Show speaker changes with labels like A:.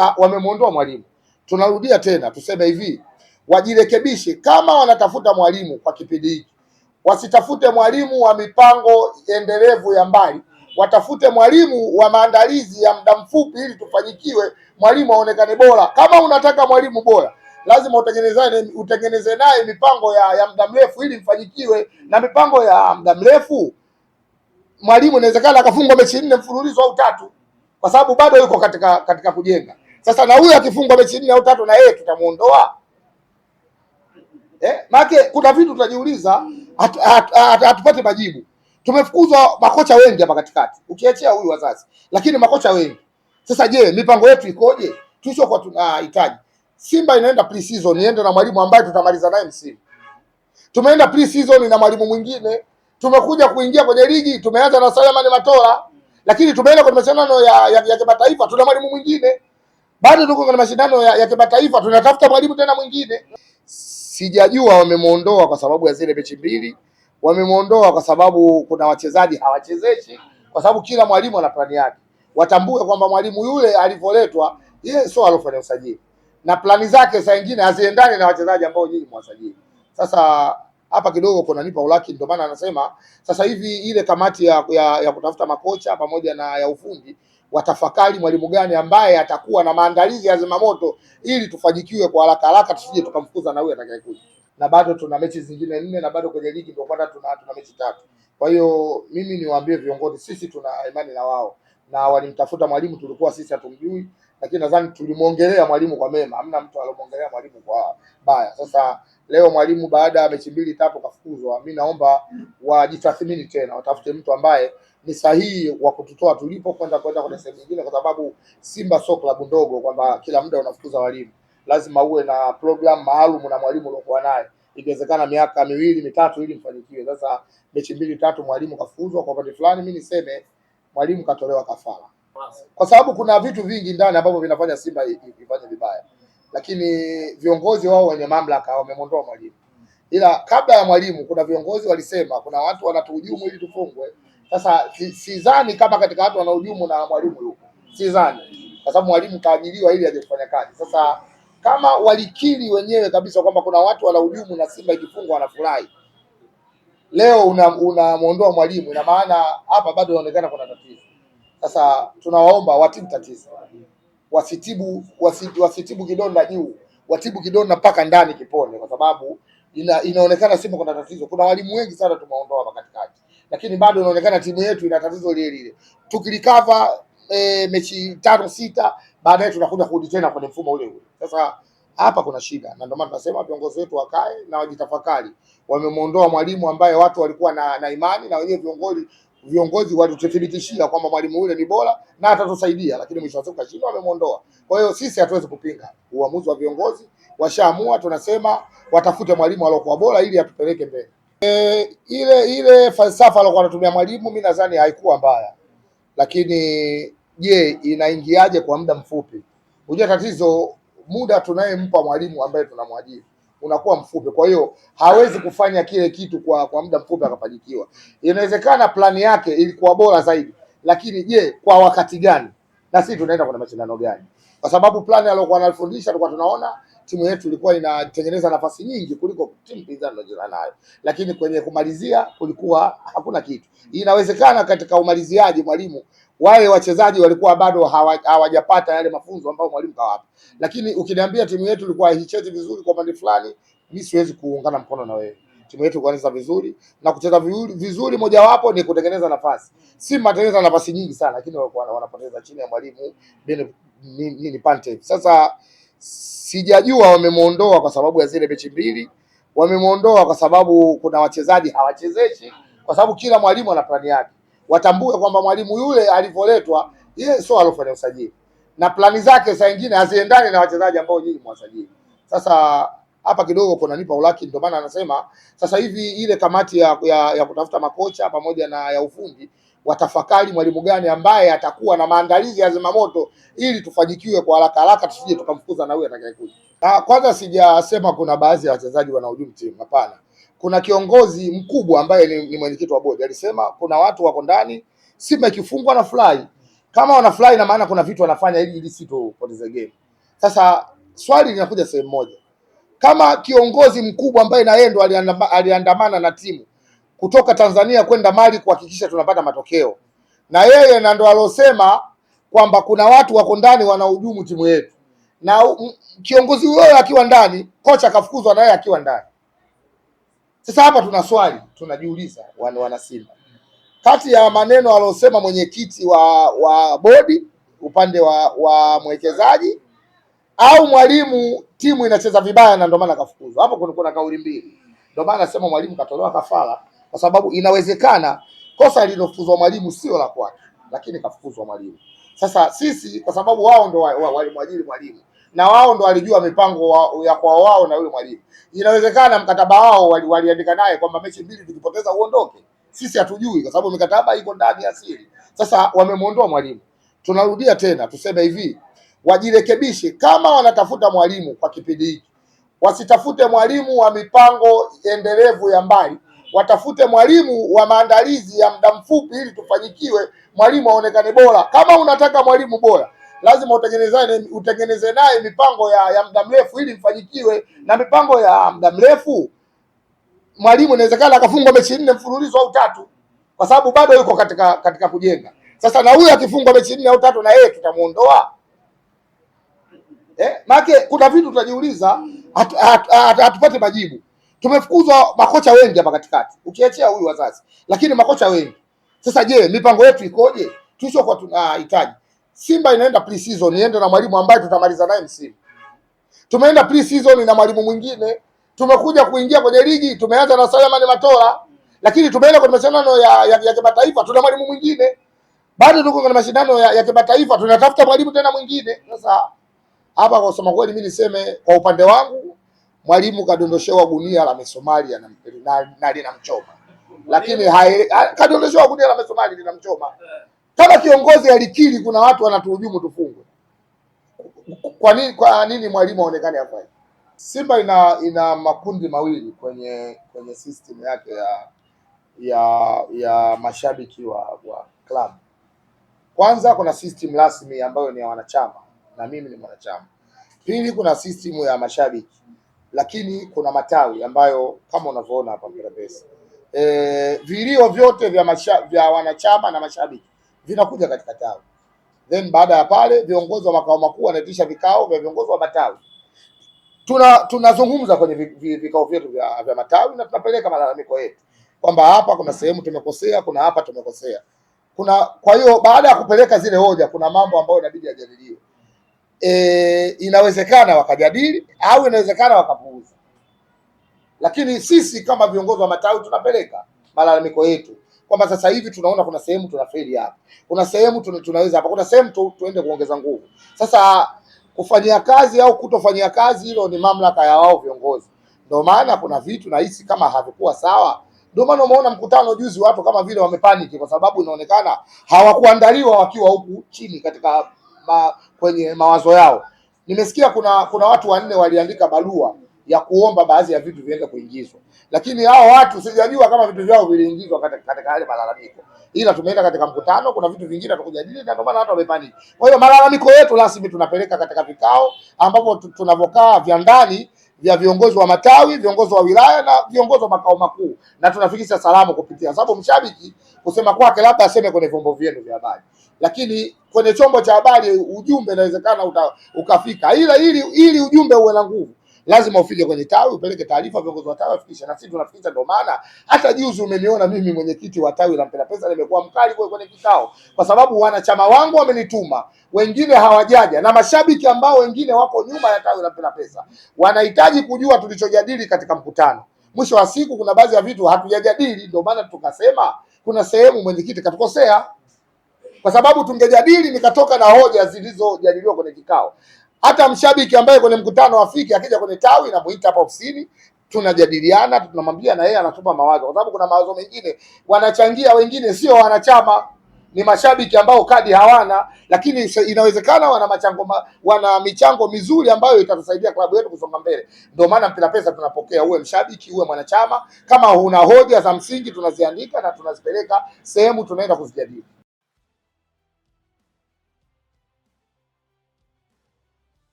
A: sasa wamemwondoa mwalimu. Tunarudia tena tuseme hivi, wajirekebishe kama wanatafuta mwalimu kwa kipindi hiki, wasitafute mwalimu wa mipango endelevu ya mbali, watafute mwalimu wa maandalizi ya muda mfupi, ili tufanyikiwe, mwalimu aonekane bora. Kama unataka mwalimu bora lazima utengenezane utengeneze naye mipango ya, ya muda mrefu ili mfanyikiwe. Na mipango ya muda mrefu, mwalimu inawezekana akafungwa mechi nne mfululizo au tatu, kwa sababu bado yuko katika katika kujenga. Sasa na huyu akifungwa mechi nne au tatu, na yeye tutamuondoa eh? Maana kuna vitu tunajiuliza at, at, at, at, majibu. Tumefukuzwa makocha wengi hapa katikati, ukiachia huyu wazazi, lakini makocha wengi. Sasa je, mipango yetu ikoje? tulichokuwa tunahitaji Simba inaenda pre-season iende na mwalimu ambaye tutamaliza naye msimu. Tumeenda pre-season na mwalimu mwingine, tumekuja kuingia kwenye ligi, tumeanza na Salamani Matola, lakini tumeenda kwenye mashindano ya, ya kimataifa tuna mwalimu mwingine bado tuko kwenye mashindano ya, ya kimataifa, tunatafuta mwalimu tena mwingine. Sijajua wamemuondoa kwa sababu ya zile mechi mbili, wamemuondoa kwa sababu kuna wachezaji hawachezeshi, kwa sababu kila mwalimu ana plani yake. Watambue kwamba mwalimu yule alivyoletwa yeye sio alofanya usajili, na plani zake saa nyingine haziendani na wachezaji ambao nyinyi mwasajili sasa hapa kidogo nipa ulaki. Ndio maana anasema sasa hivi ile kamati ya, ya, ya kutafuta makocha pamoja na ya ufundi watafakari mwalimu gani ambaye atakuwa na maandalizi ya zimamoto ili tufanyikiwe kwa haraka haraka, tusije tukamfukuza na huyo atakayekuja. Na bado tuna mechi zingine nne, na bado kwenye ligi ndio kwanza tuna, tuna mechi tatu. Kwa hiyo mimi niwaambie viongozi, sisi tuna imani na wao, na walimtafuta mwalimu, tulikuwa sisi hatumjui lakini nadhani tulimwongelea mwalimu kwa mema, hamna mtu alomwongelea mwalimu kwa baya. Sasa leo mwalimu baada ya mechi mbili tatu kafukuzwa, mi naomba wajitathmini tena, watafute mtu ambaye ni sahihi wa kututoa tulipo kwenda kwenda kwenye sehemu nyingine, kwa sababu Simba sio klabu ndogo kwamba kila muda unafukuza walimu. Lazima uwe na program maalum na mwalimu uliokuwa naye, ikiwezekana miaka miwili mitatu, ili mfanikiwe. Sasa mechi mbili tatu mwalimu kafukuzwa, kwa upande fulani mi niseme mwalimu katolewa kafara kwa sababu kuna vitu vingi ndani ambavyo vinafanya Simba ifanye vibaya, lakini viongozi wao wenye mamlaka wamemwondoa mwalimu, ila kabla ya mwalimu kuna viongozi walisema kuna watu wanatuhujumu ili tufungwe. Sasa sidhani kama katika watu wanahujumu na mwalimu yuko, sidhani, kwa sababu mwalimu kaajiliwa ili aje kufanya kazi. Sasa kama walikiri wenyewe kabisa kwamba kuna watu wanahujumu na Simba ikifungwa wanafurahi, leo unamwondoa una mwalimu, ina maana hapa bado inaonekana kuna tatizo. Sasa tunawaomba watibu tatizo, wasitibu wasitibu, wasitibu kidonda juu, watibu kidonda mpaka ndani kipone, kwa sababu ina, inaonekana Simba kuna tatizo. Kuna walimu wengi sana tumeondoa hapa katikati, lakini bado inaonekana timu yetu ina tatizo lile lile. Tukilikava e, eh, mechi tano sita baadaye tunakuja kurudi tena kwenye mfumo ule ule. Sasa hapa kuna shida, na ndio maana tunasema viongozi wetu wakae na wajitafakari. Wamemwondoa mwalimu ambaye watu walikuwa na, na imani na wenyewe viongozi viongozi walituthibitishia kwamba mwalimu yule ni bora na atatusaidia, lakini mwisho wa siku kashindwa, amemwondoa. Kwa hiyo sisi hatuwezi kupinga uamuzi wa viongozi, washaamua. Tunasema watafute mwalimu aliyokuwa bora ili atupeleke mbele. E, ile ile falsafa aliyokuwa anatumia mwalimu mimi nadhani haikuwa mbaya, lakini je, inaingiaje kwa muda mfupi? Unajua tatizo, muda tunayempa mwalimu ambaye tunamwajiri unakuwa mfupi, kwa hiyo hawezi kufanya kile kitu kwa kwa muda mfupi akafanikiwa. Inawezekana plani yake ilikuwa bora zaidi, lakini je, kwa wakati gani na sisi tunaenda kwenye mashindano gani? Kwa sababu plani aliyokuwa anafundisha tulikuwa tunaona timu yetu ilikuwa inatengeneza nafasi nyingi kuliko timu pinzani tunacheza nayo, lakini kwenye kumalizia kulikuwa hakuna kitu. Inawezekana katika umaliziaji mwalimu, wale wachezaji walikuwa bado hawajapata yale mafunzo ambayo mwalimu kawapa, lakini ukiniambia timu yetu ilikuwa haichezi vizuri kwa upande fulani, mimi siwezi kuungana mkono na wewe timu yetu kuanza vizuri na kucheza vizuri, mojawapo ni kutengeneza nafasi. si matengeneza nafasi nyingi sana, lakini wanapoteza chini ya mwalimu nini Pante. Sasa sijajua wamemwondoa kwa sababu ya zile mechi mbili, wamemwondoa kwa sababu kuna wachezaji hawachezeshi, kwa sababu kila mwalimu ana plani yake. Watambue kwamba mwalimu yule alivyoletwa, yeye sio alofanya usajili, na plani zake saa nyingine haziendani na wachezaji ambao nyinyi mwasajili sasa hapa kidogo kuna nipa ulaki. Ndio maana anasema sasa hivi ile kamati ya, ya, ya kutafuta makocha pamoja na ya ufundi watafakari mwalimu gani ambaye atakuwa na maandalizi ya zimamoto ili tufanikiwe kwa haraka haraka, tusije tukamfukuza na huyo atakayekuja. Na kwanza sijasema kuna baadhi ya wachezaji wanahujumu timu, hapana. Kuna kiongozi mkubwa ambaye ni, ni mwenyekiti wa bodi alisema kuna watu wako ndani, Simba ikifungwa fly Kama wanafurahi, na maana kuna vitu wanafanya ili ili sitopoteza game. Sasa swali linakuja sehemu moja kama kiongozi mkubwa ambaye na yeye ndo aliandamana na timu kutoka Tanzania kwenda Mali kuhakikisha tunapata matokeo, na yeye na ndo alosema kwamba kuna watu wako ndani wanahujumu timu yetu, na kiongozi huyo akiwa ndani, kocha akafukuzwa na yeye akiwa ndani. Sasa hapa tuna swali tunajiuliza, wana wana Simba, kati ya maneno aliosema mwenyekiti wa wa bodi upande wa, wa mwekezaji au mwalimu timu inacheza vibaya na ndio maana kafukuzwa. Hapo kuna kauli mbili, ndio maana nasema mwalimu katolewa kafara, kwa sababu inawezekana kosa lilofukuzwa mwalimu sio la kwake, lakini kafukuzwa mwalimu. Sasa sisi kwa sababu wao ndio walimwajiri mwalimu na wao ndo walijua mipango wa, ya kwao wao na yule mwalimu. Inawezekana mkataba wao waliandika wali naye kwamba mechi mbili tukipoteza uondoke. Sisi hatujui kwa sababu mikataba iko ndani ya siri. Sasa wamemuondoa mwalimu. Tunarudia tena tuseme hivi, wajirekebishe. Kama wanatafuta mwalimu kwa kipindi hiki, wasitafute mwalimu wa mipango endelevu ya mbali, watafute mwalimu wa maandalizi ya muda mfupi, ili tufanyikiwe, mwalimu aonekane bora. Kama unataka mwalimu bora lazima utengenezane utengeneze naye mipango ya, ya muda mrefu ili mfanyikiwe. Na mipango ya muda mrefu, mwalimu inawezekana akafungwa mechi nne mfululizo au tatu, kwa sababu bado yuko katika katika kujenga. Sasa na huyo akifungwa mechi nne au tatu, na yeye tutamuondoa eh? Maana kuna vitu tunajiuliza hatupate at, at, at, majibu. Tumefukuzwa makocha wengi hapa katikati, ukiachia huyu wazazi, lakini makocha wengi. Sasa je, mipango yetu ikoje? tulichokuwa tunahitaji Simba inaenda pre-season iende na mwalimu ambaye tutamaliza naye msimu. Tumeenda pre-season na mwalimu mwingine, tumekuja kuingia kwenye ligi, tumeanza na Salamani Matola, lakini tumeenda kwenye mashindano ya ya, ya kimataifa tuna mwalimu mwingine. Bado tuko kwenye mashindano ya, ya kimataifa tunatafuta mwalimu tena mwingine. Sasa hapa kwa kusema kweli, mimi niseme kwa upande wangu, mwalimu kadondoshewa gunia la Somalia na, na, linamchoma, lakini kadondoshewa gunia la Somalia linamchoma. Kama kiongozi alikiri kuna watu wanatuhujumu, tufungwe. Kwa nini, kwa nini mwalimu aonekane hapa? Simba ina ina makundi mawili kwenye kwenye system yake ya ya ya mashabiki wa, wa klabu. Kwanza kuna system rasmi ambayo ni ya wanachama na mimi ni mwanachama. Pili, kuna system ya mashabiki, lakini kuna matawi ambayo kama unavyoona hapa Mpelapesa e, vilio vyote vya, masha, vya wanachama na mashabiki vinakuja katika tawi, then baada ya pale viongozi wa makao makuu wanaitisha vikao vya viongozi wa matawi tuna tunazungumza kwenye vikao vyetu vya, vya matawi na tunapeleka malalamiko yetu kwamba hapa kuna sehemu tumekosea, kuna hapa tumekosea, kuna. Kwa hiyo baada ya kupeleka zile hoja, kuna mambo ambayo inabidi yajadiliwe e, inawezekana wakajadili au inawezekana wakapuuza, lakini sisi kama viongozi wa matawi tunapeleka malalamiko yetu kwamba sasa hivi tunaona kuna sehemu tunafeli hapa, kuna sehemu tuna, tunaweza hapa, kuna sehemu tu, tuende kuongeza nguvu. Sasa kufanyia kazi au kutofanyia kazi, hilo ni mamlaka ya wao viongozi. Ndio maana kuna vitu nahisi kama havikuwa sawa. Ndio maana umeona mkutano juzi, watu kama vile wamepaniki, kwa sababu inaonekana hawakuandaliwa wakiwa huku chini katika ma, kwenye mawazo yao. Nimesikia kuna kuna watu wanne waliandika barua ya kuomba baadhi ya vitu viende kuingizwa, lakini hao watu sijajua kama vitu vyao viliingizwa katika yale malalamiko, ila tumeenda katika mkutano, kuna vitu vingine hatukujadili na ndio maana watu wamepani. Kwa hiyo malalamiko yetu rasmi tunapeleka katika vikao ambapo tunavyokaa vya ndani vya viongozi wa matawi, viongozi wa wilaya na viongozi wa makao makuu, na tunafikisha salamu kupitia sababu mshabiki kusema kwake labda aseme kwenye vyombo vyenu vya habari lakini kwenye chombo cha habari ujumbe inawezekana ukafika, ila ili ili ujumbe uwe na nguvu lazima ufike kwenye tawi, upeleke taarifa, viongozi wa tawi afikishe, na sisi tunafikisha. Ndio maana hata juzi umeniona mimi mwenyekiti wa tawi la Mpenda Pesa nimekuwa mkali kwa kwenye kikao, kwa sababu wanachama wangu wamenituma, wengine hawajaja, na mashabiki ambao wengine wako nyuma ya tawi la mpela Pesa wanahitaji kujua tulichojadili katika mkutano. Mwisho wa siku, kuna baadhi ya vitu hatujajadili, ndio maana tukasema kuna sehemu mwenyekiti katukosea kwa sababu tungejadili nikatoka na hoja zilizojadiliwa kwenye kikao. Hata mshabiki ambaye kwenye mkutano afiki, akija kwenye tawi na muita hapa ofisini, tunajadiliana, tunamwambia na yeye anatupa mawazo, kwa sababu kuna mawazo mengine wanachangia wengine, sio wanachama ni mashabiki ambao kadi hawana, lakini inawezekana wana machango ma, wana michango mizuri ambayo itatusaidia klabu yetu kusonga mbele. Ndio maana Mpira Pesa tunapokea, uwe mshabiki uwe mwanachama, kama una hoja za msingi tunaziandika na tunazipeleka sehemu, tunaenda kuzijadili.